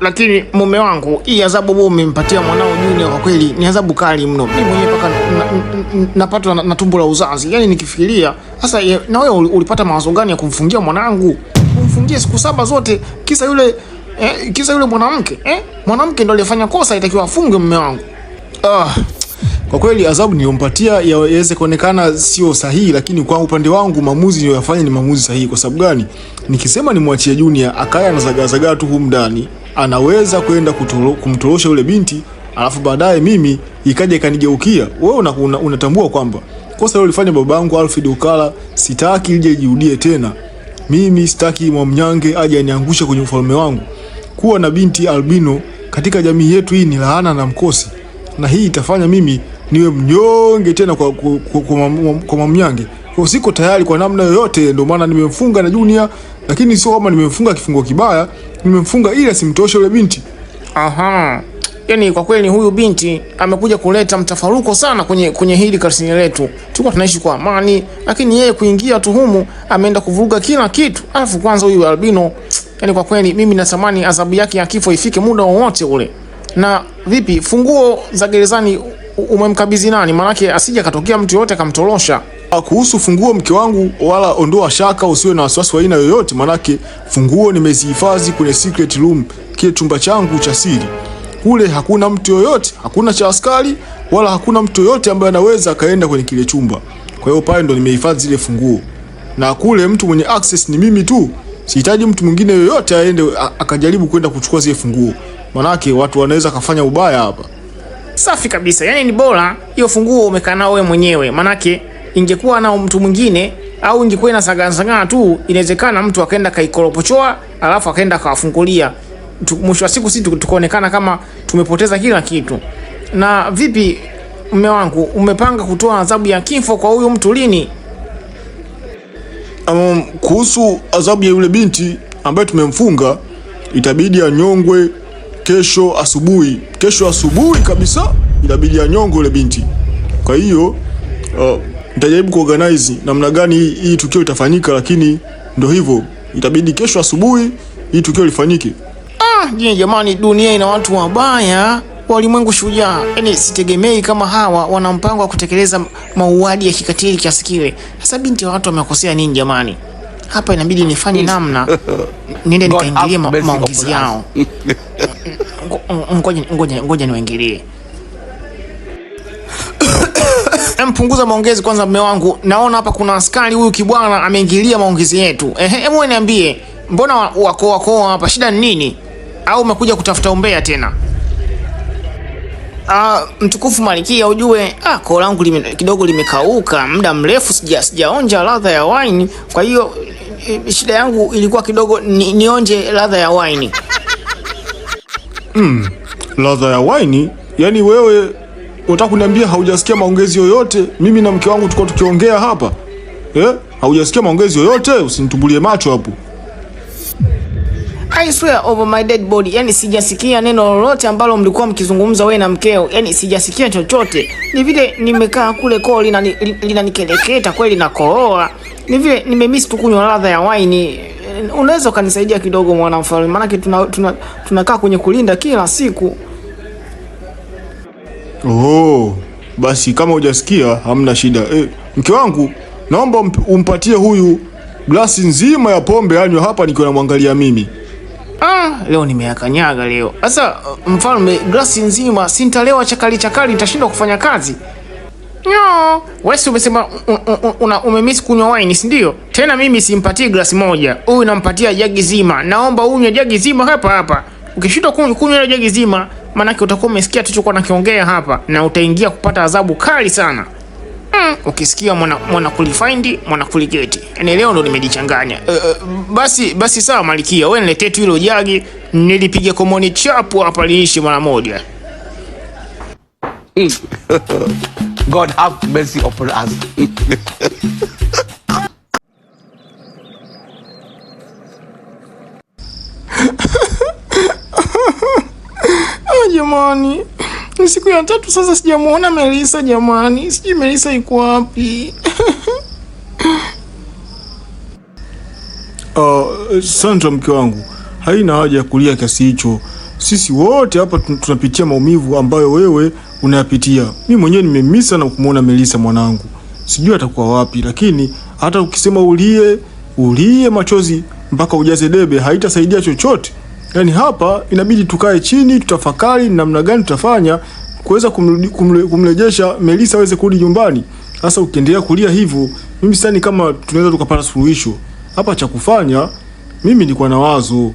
lakini mume wangu, hii adhabu ambayo umempatia mwanao Junior kwa kweli ni adhabu kali mno. Mimi mwenyewe paka napatwa na, na, na tumbo la uzazi. Yaani nikifikiria sasa, na wewe ulipata mawazo gani ya kumfungia mwanangu? Kumfungia siku saba zote kisa yule eh, kisa yule mwanamke eh? Mwanamke ndo aliyefanya kosa, itakiwa afungwe mume wangu. Ah, kwa kweli adhabu niliyompatia yaweze kuonekana sio sahihi, lakini kwa upande wangu maamuzi niliyoyafanya ni maamuzi sahihi. Kwa sababu gani? Nikisema nimwachie Junior akaya na zagazaga tu humu ndani anaweza kwenda kumtorosha yule binti, alafu baadaye mimi ikaja ikanigeukia wewe, unatambua una, una kwamba kosa ulifanya babangu Alfred Ukala sitaki lije jihudie tena. Mimi sitaki Mwamnyange aje aniangushe kwenye ufalme wangu. Kuwa na binti albino katika jamii yetu hii ni laana na mkosi, na hii itafanya mimi niwe mnyonge tena kwa, kwa, kwa, kwa, kwa Mwamnyange. Kwa siko tayari kwa namna yoyote, ndio maana nimemfunga na Junior, lakini sio kama nimemfunga kifungo kibaya, nimemfunga ila simtoshe yule binti. Aha. Yaani kwa kweli huyu binti amekuja kuleta mtafaruko sana kwenye kwenye hili karsini letu. Tulikuwa tunaishi kwa amani, lakini yeye kuingia tu humu ameenda kuvuruga kila kitu. Alafu kwanza huyu albino, yaani kwa kweli mimi natamani adhabu yake ya kifo ifike muda wowote ule. Na vipi funguo za gerezani umemkabidhi nani? Maanake asije akatokea mtu yoyote akamtorosha. Kuhusu funguo, mke wangu, wala ondoa shaka, usiwe na wasiwasi wa aina yoyote, manake funguo nimezihifadhi kwenye secret room, kile chumba changu cha siri. Kule hakuna mtu yoyote, hakuna cha askari wala hakuna mtu yoyote ambaye anaweza akaenda kwenye kile chumba. Kwa hiyo pale ndo nimehifadhi zile funguo, na kule mtu mwenye access ni mimi tu. Sihitaji mtu mwingine yoyote aende akajaribu kwenda kuchukua zile funguo, manake watu wanaweza kafanya ubaya hapa. Safi kabisa, yani ni bora hiyo funguo umekaa nao wewe mwenyewe manake ingekuwa na mtu mwingine au ingekuwa inasagasagaa sagana tu, inawezekana mtu akaenda kaikoropochoa, alafu akaenda kawafungulia. Mwisho wa siku sisi tukaonekana kama tumepoteza kila kitu. Na vipi, mme wangu, umepanga kutoa adhabu ya kifo kwa huyu mtu lini? Um, kuhusu adhabu ya yule binti ambaye tumemfunga, itabidi anyongwe kesho asubuhi. Kesho asubuhi kabisa, itabidi anyongwe yule binti. Kwa hiyo uh, nitajaribu kuorganize namna gani hii, hii tukio itafanyika, lakini ndo hivyo, itabidi kesho asubuhi hii tukio lifanyike. Ah, je, jamani, dunia ina watu wabaya, walimwengu shujaa. Yaani sitegemei kama hawa wana mpango wa kutekeleza mauaji ya kikatili kiasi kile. Sasa binti wa watu wamekosea nini jamani? Hapa inabidi nifanye namna niende nikaingilie maongezi yao. Ngoja ngoja ngoja niwaingilie punguza maongezi kwanza, mme wangu. Naona hapa kuna askari huyu kibwana ameingilia maongezi yetu. Ehe, hebu niambie, mbona wako wako hapa, shida ni nini? Au umekuja kutafuta umbea tena? Ah, mtukufu Malikia, ujue ah, koo langu lime, kidogo limekauka muda mrefu, sija sijaonja ladha ya wine. Kwa hiyo eh, shida yangu ilikuwa kidogo ni, nionje ladha ya wine mm, ladha ya wine, yaani wewe Unataka kuniambia haujasikia maongezi yoyote mimi na mke wangu tulikuwa tukiongea hapa eh? Haujasikia maongezi yoyote? Usinitumbulie macho hapo. I swear over my dead body, yani sijasikia neno lolote ambalo mlikuwa mkizungumza wewe na mkeo, yani sijasikia chochote. Ni vile nimekaa kule koo linanikeleketa lina kweli na koroa, ni vile nimemiss tu kunywa ladha ya waini. Unaweza ukanisaidia kidogo, mwana mfalme, maanake tunakaa tuna, tuna kwenye kulinda kila siku. Oh, basi kama hujasikia hamna shida. Eh, mke wangu naomba umpatie huyu glasi nzima ya pombe anywe hapa nikiwa namwangalia mimi. Ah, leo nimeyakanyaga leo. Sasa uh, mfalme, glasi nzima sintalewa chakali chakali, nitashindwa kufanya kazi. No, wewe umesema umemiss kunywa wine, si ndio? Tena mimi simpatii glasi moja, huyu nampatia jagi zima. Naomba unywe jagi zima hapa hapa. Ukishindwa kunywa ile jagi zima, maanake utakuwa umesikia tu tulichokuwa nakiongea hapa na utaingia kupata adhabu kali sana. Mm, ukisikia mwana mwana kulifind mwana kuligeti. Yaani leo ndo nimejichanganya. Uh, eh, e, eh, basi basi sawa Malikia, wewe niletee tu hilo jagi nilipige komoni chapu hapa liishi mara moja. God have mercy upon us. jamani. Ni siku ya tatu sasa sijamuona Melisa jamani. Sijui Melisa yuko wapi? Uh, Sandra mke wangu, haina haja ya kulia kiasi hicho. Sisi wote hapa tunapitia maumivu ambayo wewe unayapitia. Mimi mwenyewe nimemisa na kumuona Melisa mwanangu. Sijui atakuwa wapi, lakini hata ukisema ulie ulie machozi mpaka ujaze debe haitasaidia chochote. Yaani hapa inabidi tukae chini, tutafakari namna gani tutafanya kuweza kumrudi kumrejesha Melisa aweze kurudi nyumbani. Sasa ukiendelea kulia hivyo, mimi sidhani kama tunaweza tukapata suluhisho hapa. Cha kufanya mimi nilikuwa na wazo.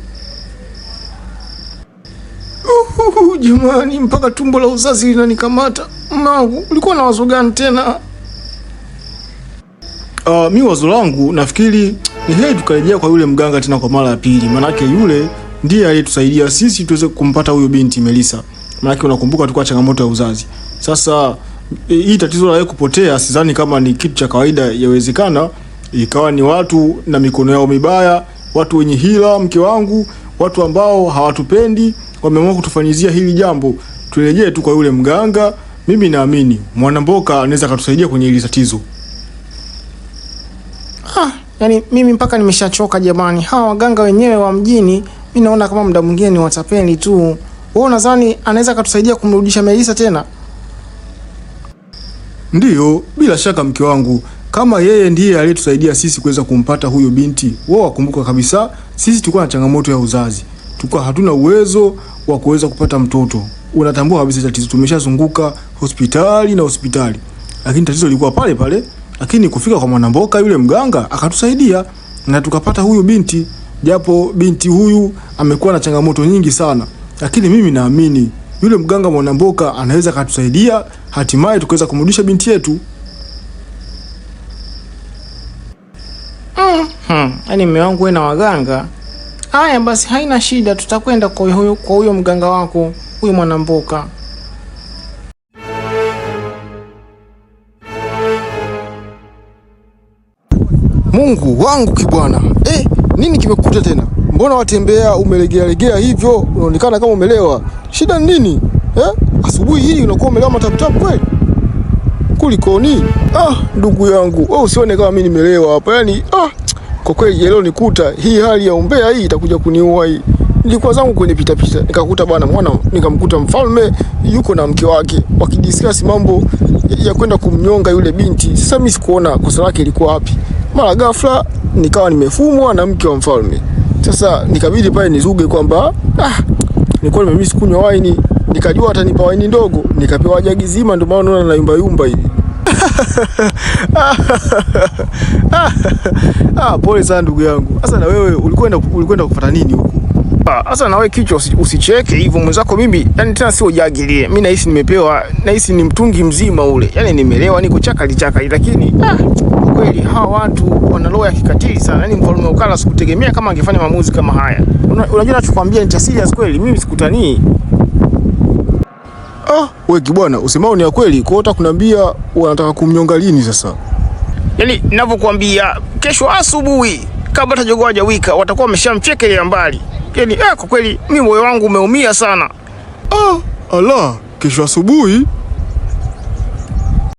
jamani, mpaka tumbo la uzazi linanikamata. Mmangu, ulikuwa na wazo gani tena? Uh, ah, mi wazo langu nafikiri ni heri tukarejea kwa yule mganga tena kwa mara ya pili, maanake yule ndiye aliyetusaidia sisi tuweze kumpata huyo binti Melissa. Maana unakumbuka tulikuwa changamoto ya uzazi. Sasa hii e, tatizo la yeye kupotea sidhani kama ni kitu cha kawaida, yawezekana ikawa ni watu na mikono yao mibaya, watu wenye hila, mke wangu, watu ambao hawatupendi wameamua kutufanyizia hili jambo. Turejee tu kwa yule mganga. Mimi naamini Mwanamboka anaweza akatusaidia kwenye hili tatizo. Ah, yani mimi mpaka nimeshachoka jamani, hawa waganga wenyewe wa mjini mimi naona kama muda mwingine ni watapeli tu. Wewe unadhani anaweza akatusaidia kumrudisha Melissa tena? Ndiyo, bila shaka mke wangu, kama yeye ndiye aliyetusaidia sisi kuweza kumpata huyo binti. Wao wakumbuka kabisa, sisi tulikuwa na changamoto ya uzazi, tulikuwa hatuna uwezo wa kuweza kupata mtoto. Unatambua kabisa tatizo, tumeshazunguka hospitali na hospitali, lakini tatizo lilikuwa pale pale. Lakini kufika kwa Mwanamboka yule mganga akatusaidia na tukapata huyo binti japo binti huyu amekuwa na changamoto nyingi sana, lakini mimi naamini yule mganga Mwanamboka anaweza akatusaidia, hatimaye tukaweza kumrudisha binti yetu. Mm, hmm, yaani mme wangu wewe na waganga. Haya basi, haina shida, tutakwenda kwa huyo kwa huyo mganga wako huyo Mwanamboka. Mungu wangu kibwana eh! Nini kimekukuta tena? Mbona watembea umelegea legea hivyo, unaonekana kama umelewa? Shida ni nini eh? Asubuhi hii unakuwa umelewa mataputapu kweli, kulikoni? Ah, ndugu yangu wewe, oh, usione kama mimi nimelewa hapa yani. Ah, kwa kweli leo nikuta hii hali ya umbea hii itakuja kuniua hii. Nilikuwa zangu kwenye pita pita nikakuta bwana mwana, nikamkuta mfalme yuko na mke wake wakidiscuss mambo ya kwenda kumnyonga yule binti. Sasa mimi sikuona kosa lake ilikuwa wapi mara ghafla nikawa nimefumwa na mke wa mfalme. Sasa nikabidi pale nizuge kwamba ah, nilikuwa nimemiss kunywa waini, nikajua atanipa waini ndogo, nikapewa jagi zima, ndio maana naona nayumba yumba hivi. Ah, pole sana ndugu yangu. Sasa na wewe ulikwenda ulikwenda kufuata nini huko? Ah, sasa na wewe kichwa usicheke hivyo mwenzako. Mimi yani tena sio jagi lile, mimi nahisi nimepewa, nahisi ni mtungi mzima ule, yani nimelewa, niko chakali chakali, lakini ah kweli hawa watu wana roho ya kikatili sana. Yaani mfalme wa sikutegemea kama angefanya maamuzi kama haya. Unajua ninachokuambia ni serious kweli, mimi sikutani. Ah, wewe kibwana, usemao ni ya kweli. Kwa hiyo utakunambia wanataka kumnyonga lini sasa? Yaani ninavyokuambia kesho asubuhi kabla hata jogoo hajawika watakuwa ile mbali. Yaani ah, kwa kweli mimi moyo wangu umeumia sana. Ah, ala, kesho asubuhi